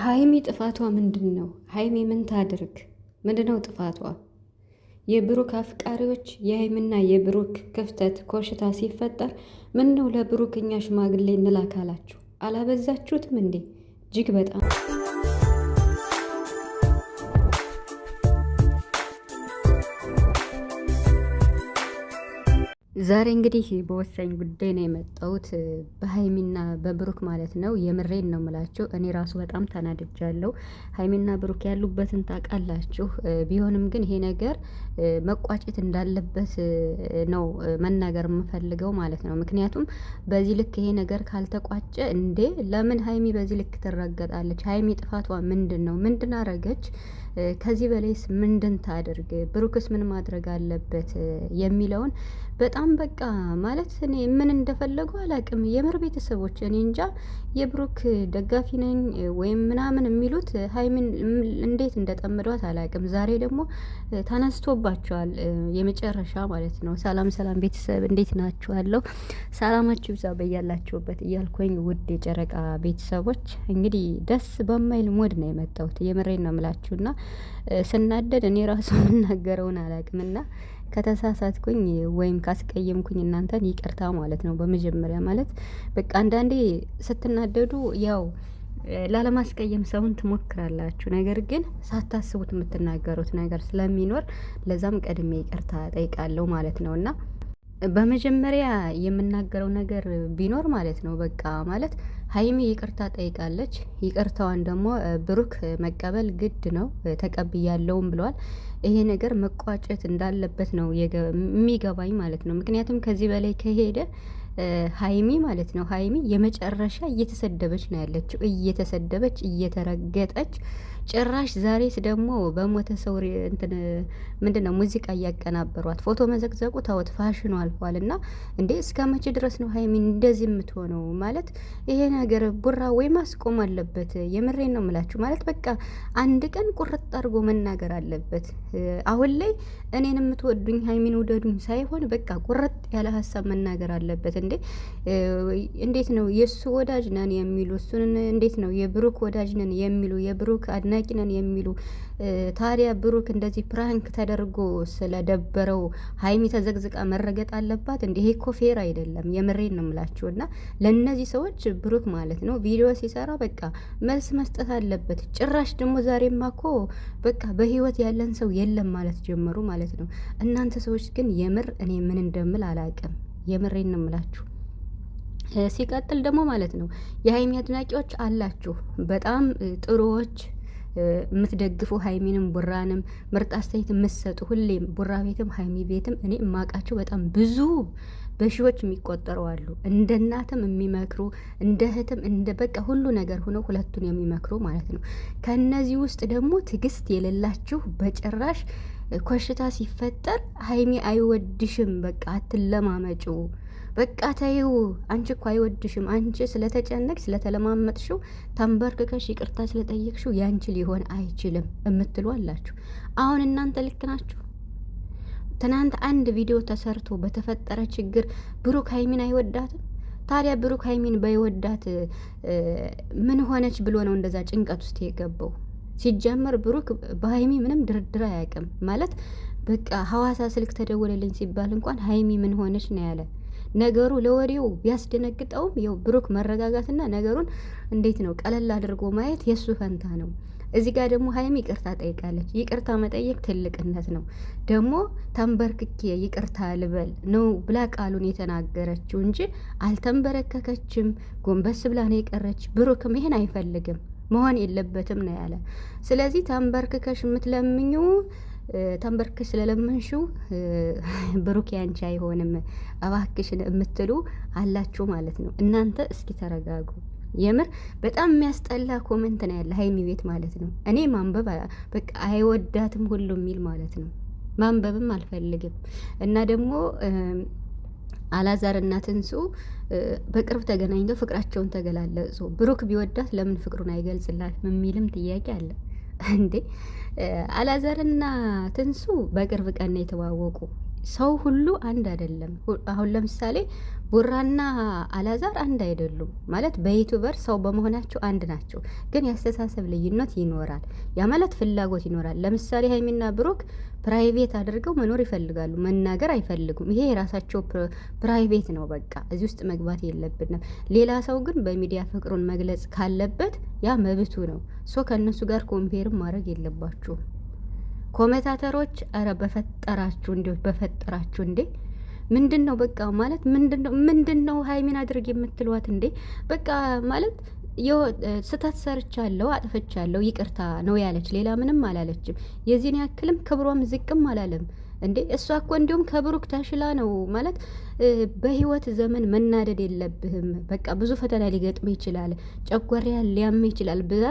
ሀይሚ ጥፋቷ ምንድን ነው? ሀይሚ ምን ታድርግ? ምንድነው ጥፋቷ? የብሩክ አፍቃሪዎች የሀይምና የብሩክ ክፍተት ኮሽታ ሲፈጠር ምን ነው ለብሩክ እኛ ሽማግሌ እንላካላችሁ? አላበዛችሁትም እንዴ? እጅግ በጣም ዛሬ እንግዲህ በወሳኝ ጉዳይ ነው የመጣሁት፣ በሀይሚና በብሩክ ማለት ነው። የምሬን ነው ምላችሁ። እኔ ራሱ በጣም ተናድጃለሁ። ሀይሚና ብሩክ ያሉበትን ታውቃላችሁ። ቢሆንም ግን ይሄ ነገር መቋጨት እንዳለበት ነው መናገር የምፈልገው ማለት ነው። ምክንያቱም በዚህ ልክ ይሄ ነገር ካልተቋጨ እንዴ፣ ለምን ሀይሚ በዚህ ልክ ትረገጣለች? ሀይሚ ጥፋቷ ምንድን ነው? ምንድን አረገች? ከዚህ በላይስ ምንድን ታደርግ ብሩክስ ምን ማድረግ አለበት የሚለውን በጣም በቃ ማለት እኔ ምን እንደፈለጉ አላቅም። የምር ቤተሰቦች እኔ እንጃ የብሩክ ደጋፊ ነኝ ወይም ምናምን የሚሉት ሀይሚን እንዴት እንደጠመዷት አላቅም። ዛሬ ደግሞ ተነስቶባቸዋል የመጨረሻ ማለት ነው። ሰላም ሰላም ቤተሰብ እንዴት ናችኋለሁ? ሰላማችሁ ብዛ በያላችሁበት እያልኩኝ ውድ የጨረቃ ቤተሰቦች እንግዲህ ደስ በማይል ሞድ ነው የመጣሁት። የምሬን ነው የምላችሁና ስናደድ እኔ ራሱ የምናገረውን አላቅምና ከተሳሳትኩኝ ወይም ካስቀየምኩኝ እናንተን ይቅርታ ማለት ነው። በመጀመሪያ ማለት በቃ አንዳንዴ ስትናደዱ ያው ላለማስቀየም ሰውን ትሞክራላችሁ። ነገር ግን ሳታስቡት የምትናገሩት ነገር ስለሚኖር ለዛም ቀድሜ ይቅርታ ጠይቃለሁ ማለት ነው እና በመጀመሪያ የምናገረው ነገር ቢኖር ማለት ነው በቃ ማለት ሀይሚ ይቅርታ ጠይቃለች። ይቅርታዋን ደግሞ ብሩክ መቀበል ግድ ነው ተቀብያለውም ብለዋል። ይሄ ነገር መቋጨት እንዳለበት ነው የሚገባኝ ማለት ነው። ምክንያቱም ከዚህ በላይ ከሄደ ሀይሚ ማለት ነው ሀይሚ የመጨረሻ እየተሰደበች ነው ያለችው፣ እየተሰደበች እየተረገጠች ጭራሽ ዛሬስ ደግሞ በሞተ ሰው እንትን ምንድን ነው ሙዚቃ እያቀናበሯት ፎቶ መዘቅዘቁ ታወት ፋሽኑ አልፏል። እና እንዴ እስከ መቼ ድረስ ነው ሀይሚን እንደዚህ የምትሆነው? ማለት ይሄ ነገር ቡራ ወይ ማስቆም አለበት። የምሬን ነው የምላችሁ። ማለት በቃ አንድ ቀን ቁርጥ አድርጎ መናገር አለበት። አሁን ላይ እኔን የምትወዱኝ ሀይሚን ውደዱኝ ሳይሆን በቃ ቁርጥ ያለ ሀሳብ መናገር አለበት። እንዴ እንዴት ነው የእሱ ወዳጅ ነን የሚሉ እሱን እንዴት ነው የብሩክ ወዳጅ ነን የሚሉ የብሩክ አድና አድናቂነን የሚሉ ታዲያ ብሩክ እንደዚህ ፕራንክ ተደርጎ ስለደበረው ሀይሚ ተዘግዝቃ መረገጥ አለባት? እንዲህ እኮ ፌር አይደለም። የምሬን ነው የምላችሁ። እና ለእነዚህ ሰዎች ብሩክ ማለት ነው ቪዲዮ ሲሰራ በቃ መልስ መስጠት አለበት። ጭራሽ ደግሞ ዛሬማ እኮ በቃ በህይወት ያለን ሰው የለም ማለት ጀመሩ ማለት ነው። እናንተ ሰዎች ግን የምር እኔ ምን እንደምል አላውቅም። የምሬን ነው የምላችሁ። ሲቀጥል ደግሞ ማለት ነው የሀይሚ አድናቂዎች አላችሁ በጣም ጥሩዎች የምትደግፉ ሀይሚንም ቡራንም ምርጥ አስተያየት የምትሰጡ ሁሌም ቡራ ቤትም ሀይሚ ቤትም እኔ የማውቃቸው በጣም ብዙ በሺዎች የሚቆጠሩ አሉ። እንደ እናትም የሚመክሩ እንደ እህትም እንደ በቃ ሁሉ ነገር ሆነው ሁለቱን የሚመክሩ ማለት ነው። ከእነዚህ ውስጥ ደግሞ ትዕግስት የሌላችሁ በጭራሽ ኮሽታ ሲፈጠር ሀይሚ አይወድሽም፣ በቃ አትለማመጪው፣ በቃ ተይው፣ አንቺ እኮ አይወድሽም። አንቺ ስለተጨነቅ ስለተለማመጥሽው፣ ተንበርክከሽ ይቅርታ ስለጠየቅሽው ያንቺ ሊሆን አይችልም የምትሉ አላችሁ። አሁን እናንተ ልክ ናችሁ። ትናንት አንድ ቪዲዮ ተሰርቶ በተፈጠረ ችግር ብሩክ ሀይሚን አይወዳትም። ታዲያ ብሩክ ሀይሚን በይወዳት ምን ሆነች ብሎ ነው እንደዛ ጭንቀት ውስጥ የገባው? ሲጀመር ብሩክ በሀይሚ ምንም ድርድር አያውቅም ማለት በቃ ሀዋሳ ስልክ ተደወለልኝ ሲባል እንኳን ሀይሚ ምን ሆነች ነው ያለ። ነገሩ ለወዲው ቢያስደነግጠውም ያው ብሩክ መረጋጋትና ነገሩን እንዴት ነው ቀለል አድርጎ ማየት የእሱ ፈንታ ነው። እዚህ ጋር ደግሞ ሀይሚ ይቅርታ ጠይቃለች። ይቅርታ መጠየቅ ትልቅነት ነው። ደግሞ ተንበርክኬ ይቅርታ ልበል ነው ብላ ቃሉን የተናገረችው እንጂ አልተንበረከከችም። ጎንበስ ብላ ነው የቀረች። ብሩክም ይሄን አይፈልግም። መሆን የለበትም ነው ያለ። ስለዚህ ተንበርክከሽ የምትለምኙ ተንበርክ ስለለመንሹ ብሩክ ያንቺ አይሆንም እባክሽን የምትሉ አላችሁ ማለት ነው። እናንተ እስኪ ተረጋጉ። የምር በጣም የሚያስጠላ ኮመንት ነው ያለ ሀይሚ ቤት ማለት ነው። እኔ ማንበብ በቃ አይወዳትም ሁሉ የሚል ማለት ነው። ማንበብም አልፈልግም እና ደግሞ አላዛር እና ትንሱ በቅርብ ተገናኝተው ፍቅራቸውን ተገላለጹ። ብሩክ ቢወዳት ለምን ፍቅሩን አይገልጽላትም የሚልም ጥያቄ አለ። እንዴ አላዛርና ትንሱ በቅርብ ቀን ነው የተዋወቁ። ሰው ሁሉ አንድ አይደለም። አሁን ለምሳሌ ቡራና አላዛር አንድ አይደሉም ማለት በዩቱበር ሰው በመሆናቸው አንድ ናቸው፣ ግን የአስተሳሰብ ልዩነት ይኖራል። ያ ማለት ፍላጎት ይኖራል። ለምሳሌ ሀይሚና ብሩክ ፕራይቬት አድርገው መኖር ይፈልጋሉ፣ መናገር አይፈልጉም። ይሄ የራሳቸው ፕራይቬት ነው፣ በቃ እዚህ ውስጥ መግባት የለብንም። ሌላ ሰው ግን በሚዲያ ፍቅሩን መግለጽ ካለበት ያ መብቱ ነው። ሶ ከእነሱ ጋር ኮምፔርም ማድረግ የለባችሁም። ኮመታተሮች ኧረ በፈጠራችሁ እንዲ በፈጠራችሁ እንዴ ምንድን ነው በቃ ማለት ምንድን ነው ምንድን ነው ሀይሚን አድርግ የምትሏት እንዴ በቃ ማለት ስህተት ሰርቻለሁ አጥፍቻለሁ ይቅርታ ነው ያለች ሌላ ምንም አላለችም የዚህን ያክልም ክብሯም ዝቅም አላለም እንዴ እሷ እኮ እንዲሁም ከብሩክ ተሽላ ነው ማለት በህይወት ዘመን መናደድ የለብህም በቃ ብዙ ፈተና ሊገጥም ይችላል ጨጓራ ሊያም ይችላል ብዛ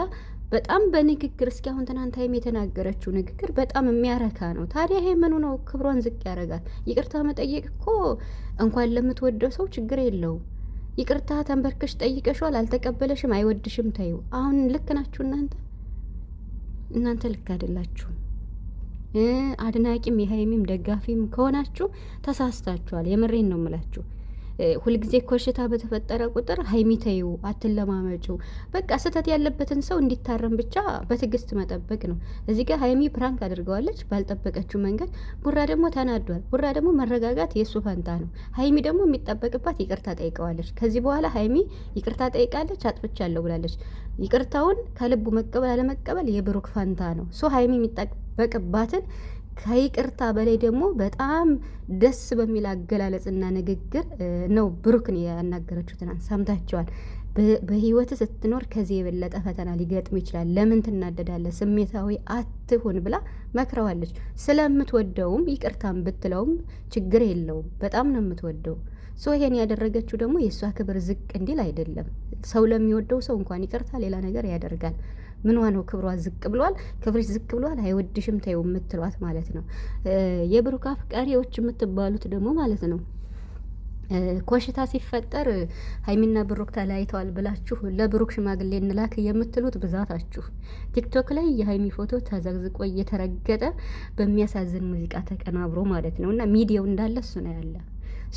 በጣም በንግግር እስኪ አሁን ትናንት ሀይሚ የተናገረችው ንግግር በጣም የሚያረካ ነው። ታዲያ ይሄ ምኑ ነው ክብሯን ዝቅ ያደርጋል? ይቅርታ መጠየቅ እኮ እንኳን ለምትወደው ሰው ችግር የለውም። ይቅርታ ተንበርክሽ ጠይቀሽዋል፣ አልተቀበለሽም፣ አይወድሽም፣ ተይው። አሁን ልክ ናችሁ እናንተ እናንተ ልክ አይደላችሁም። አድናቂም የሀይሚም ደጋፊም ከሆናችሁ ተሳስታችኋል። የምሬን ነው የምላችሁ። ሁልጊዜ ኮሽታ በተፈጠረ ቁጥር ሀይሚተዩ አትለማመጩ። በቃ ስህተት ያለበትን ሰው እንዲታረም ብቻ በትዕግስት መጠበቅ ነው። እዚህ ጋር ሀይሚ ፕራንክ አድርገዋለች ባልጠበቀችው መንገድ። ቡራ ደግሞ ተናዷል። ቡራ ደግሞ መረጋጋት የእሱ ፈንታ ነው። ሀይሚ ደግሞ የሚጠበቅባት ይቅርታ ጠይቀዋለች። ከዚህ በኋላ ሀይሚ ይቅርታ ጠይቃለች፣ አጥፍቻለሁ ብላለች። ይቅርታውን ከልቡ መቀበል አለመቀበል የብሩክ ፈንታ ነው። ሶ ሀይሚ የሚጠበቅባትን ከይቅርታ በላይ ደግሞ በጣም ደስ በሚል አገላለጽና ንግግር ነው ብሩክን ያናገረችው። ትናንት ሰምታችኋል። በህይወት ስትኖር ከዚህ የበለጠ ፈተና ሊገጥም ይችላል። ለምን ትናደዳለህ? ስሜታዊ አትሁን ብላ መክረዋለች። ስለምትወደውም ይቅርታን ብትለውም ችግር የለውም። በጣም ነው የምትወደው። ሶ ይሄን ያደረገችው ደግሞ የእሷ ክብር ዝቅ እንዲል አይደለም። ሰው ለሚወደው ሰው እንኳን ይቅርታ ሌላ ነገር ያደርጋል። ምኗ ነው ክብሯ ዝቅ ብሏል? ክብርሽ ዝቅ ብሏል? አይወድሽም ተይው የምትሏት ማለት ነው። የብሩክ አፍቃሪዎች የምትባሉት ደግሞ ማለት ነው ኮሽታ ሲፈጠር ሀይሚና ብሩክ ተለያይተዋል ብላችሁ ለብሩክ ሽማግሌ እንላክ የምትሉት ብዛታችሁ፣ ቲክቶክ ላይ የሀይሚ ፎቶ ተዘግዝቆ እየተረገጠ በሚያሳዝን ሙዚቃ ተቀናብሮ ማለት ነው። እና ሚዲያው እንዳለ እሱ ነው ያለ።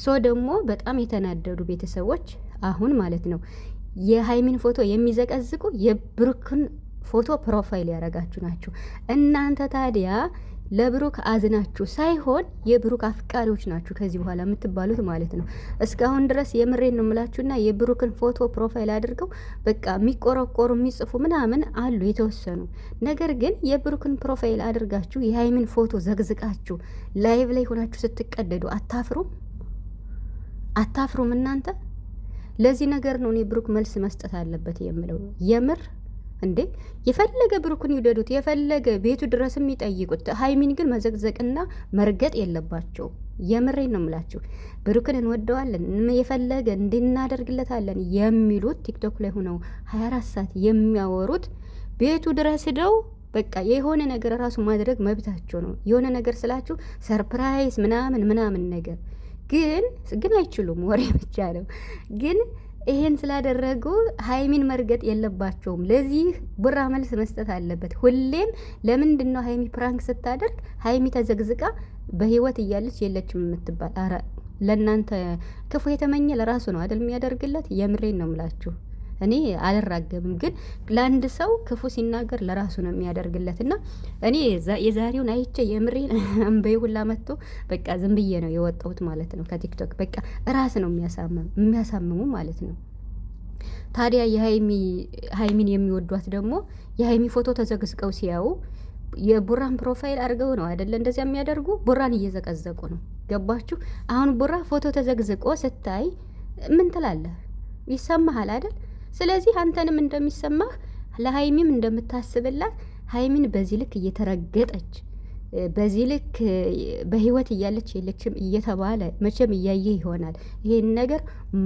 ሶ ደግሞ በጣም የተናደዱ ቤተሰቦች አሁን ማለት ነው የሀይሚን ፎቶ የሚዘቀዝቁ የብሩክን ፎቶ ፕሮፋይል ያደረጋችሁ ናችሁ። እናንተ ታዲያ ለብሩክ አዝናችሁ ሳይሆን የብሩክ አፍቃሪዎች ናችሁ ከዚህ በኋላ የምትባሉት ማለት ነው። እስካሁን ድረስ የምሬን ነው የምላችሁና የብሩክን ፎቶ ፕሮፋይል አድርገው በቃ የሚቆረቆሩ የሚጽፉ ምናምን አሉ የተወሰኑ። ነገር ግን የብሩክን ፕሮፋይል አድርጋችሁ የሀይሚን ፎቶ ዘግዝቃችሁ ላይቭ ላይ ሆናችሁ ስትቀደዱ አታፍሩም? አታፍሩም እናንተ? ለዚህ ነገር ነው እኔ ብሩክ መልስ መስጠት አለበት የምለው የምር እንዴ የፈለገ ብሩክን ይውደዱት የፈለገ ቤቱ ድረስ የሚጠይቁት ሀይሚን ግን መዘግዘቅና መርገጥ የለባቸው። የምሬን ነው የምላችሁ። ብሩክን እንወደዋለን የፈለገ እንድናደርግለታለን የሚሉት ቲክቶክ ላይ ሆነው 24 ሰዓት የሚያወሩት ቤቱ ድረስ ሂደው በቃ የሆነ ነገር ራሱ ማድረግ መብታቸው ነው። የሆነ ነገር ስላችሁ ሰርፕራይዝ ምናምን ምናምን ነገር ግን ግን አይችሉም። ወሬ ብቻ ነው ግን ይሄን ስላደረጉ ሀይሚን መርገጥ የለባቸውም። ለዚህ ቡራ መልስ መስጠት አለበት። ሁሌም ለምንድን ነው ሀይሚ ፕራንክ ስታደርግ ሀይሚ ተዘግዝቃ በህይወት እያለች የለችም የምትባል? አረ ለእናንተ ክፉ የተመኘ ለራሱ ነው አደል የሚያደርግለት። የምሬን ነው ምላችሁ። እኔ አልራገብም፣ ግን ለአንድ ሰው ክፉ ሲናገር ለራሱ ነው የሚያደርግለት። እና እኔ የዛሬውን አይቼ የምሬን እንበይ ሁላ መጥቶ በቃ ዝም ብዬ ነው የወጣሁት ማለት ነው ከቲክቶክ። በቃ ራስ ነው የሚያሳምሙ ማለት ነው። ታዲያ ሀይሚን የሚወዷት ደግሞ የሀይሚ ፎቶ ተዘግዝቀው ሲያዩ የቡራን ፕሮፋይል አድርገው ነው አይደለ? እንደዚያ የሚያደርጉ ቡራን እየዘቀዘቁ ነው። ገባችሁ? አሁን ቡራ ፎቶ ተዘግዝቆ ስታይ ምን ትላለህ? ይሰማሃል አይደል? ስለዚህ አንተንም እንደሚሰማህ ለሀይሚም እንደምታስብላት ሀይሚን በዚህ ልክ እየተረገጠች በዚህ ልክ በህይወት እያለች የለችም እየተባለ መቼም እያየ ይሆናል። ይሄን ነገር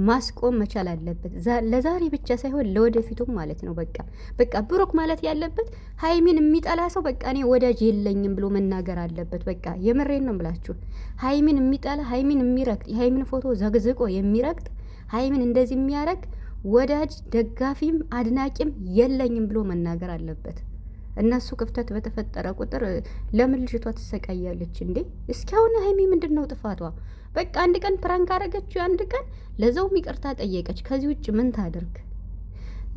ማስቆም መቻል አለበት፣ ለዛሬ ብቻ ሳይሆን ለወደፊቱም ማለት ነው። በቃ በቃ ብሩክ ማለት ያለበት ሀይሚን የሚጠላ ሰው በቃ እኔ ወዳጅ የለኝም ብሎ መናገር አለበት። በቃ የምሬን ነው ብላችሁ ሀይሚን የሚጠላ ሀይሚን የሚረግጥ የሀይሚን ፎቶ ዘግዝቆ የሚረግጥ ሀይሚን እንደዚህ የሚያረግ ወዳጅ ደጋፊም አድናቂም የለኝም ብሎ መናገር አለበት። እነሱ ክፍተት በተፈጠረ ቁጥር ለምን ልጅቷ ትሰቃያለች እንዴ? እስኪ አሁን ሀይሚ ምንድን ነው ጥፋቷ? በቃ አንድ ቀን ፕራንክ አረገችው፣ አንድ ቀን ለዛውም ይቅርታ ጠየቀች። ከዚህ ውጭ ምን ታደርግ?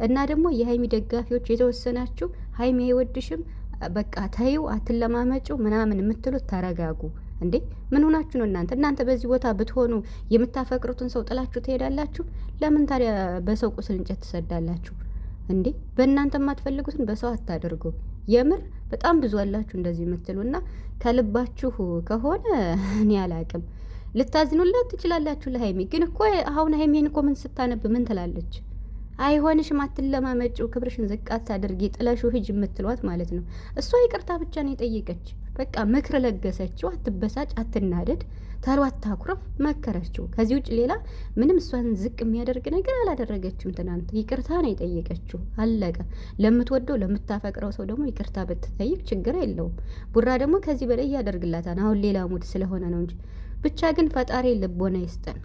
እና ደግሞ የሀይሚ ደጋፊዎች የተወሰናችሁ ሀይሚ አይወድሽም፣ በቃ ተይው፣ አትለማመጩ ምናምን የምትሉት ተረጋጉ። እንዴ ምን ሆናችሁ ነው እናንተ? እናንተ በዚህ ቦታ ብትሆኑ የምታፈቅሩትን ሰው ጥላችሁ ትሄዳላችሁ? ለምን ታዲያ በሰው ቁስል እንጨት ትሰዳላችሁ? እንዴ በእናንተ የማትፈልጉትን በሰው አታደርጉ። የምር በጣም ብዙ አላችሁ እንደዚህ የምትሉና ከልባችሁ ከሆነ እኔ አላቅም። ልታዝኑላት ትችላላችሁ ለሀይሜ ግን እኮ አሁን ሀይሜን እኮ ምን ስታነብ ምን ትላለች? አይሆንሽም፣ አትለማመጭው ክብርሽን ዝቅ አታድርጊ፣ ጥለሽው ህጅ የምትሏት ማለት ነው። እሷ ይቅርታ ብቻ ነው የጠየቀች። በቃ ምክር ለገሰችው። አትበሳጭ፣ አትናደድ፣ ተሩ አታኩረፍ፣ መከረችው። ከዚህ ውጭ ሌላ ምንም እሷን ዝቅ የሚያደርግ ነገር አላደረገችም። ትናንት ይቅርታ ነው የጠየቀችው። አለቀ። ለምትወደው ለምታፈቅረው ሰው ደግሞ ይቅርታ ብትጠይቅ ችግር የለውም። ቡራ ደግሞ ከዚህ በላይ እያደርግላታል። አሁን ሌላ ሙድ ስለሆነ ነው እንጂ ብቻ ግን ፈጣሪ ልቦና ይስጠን።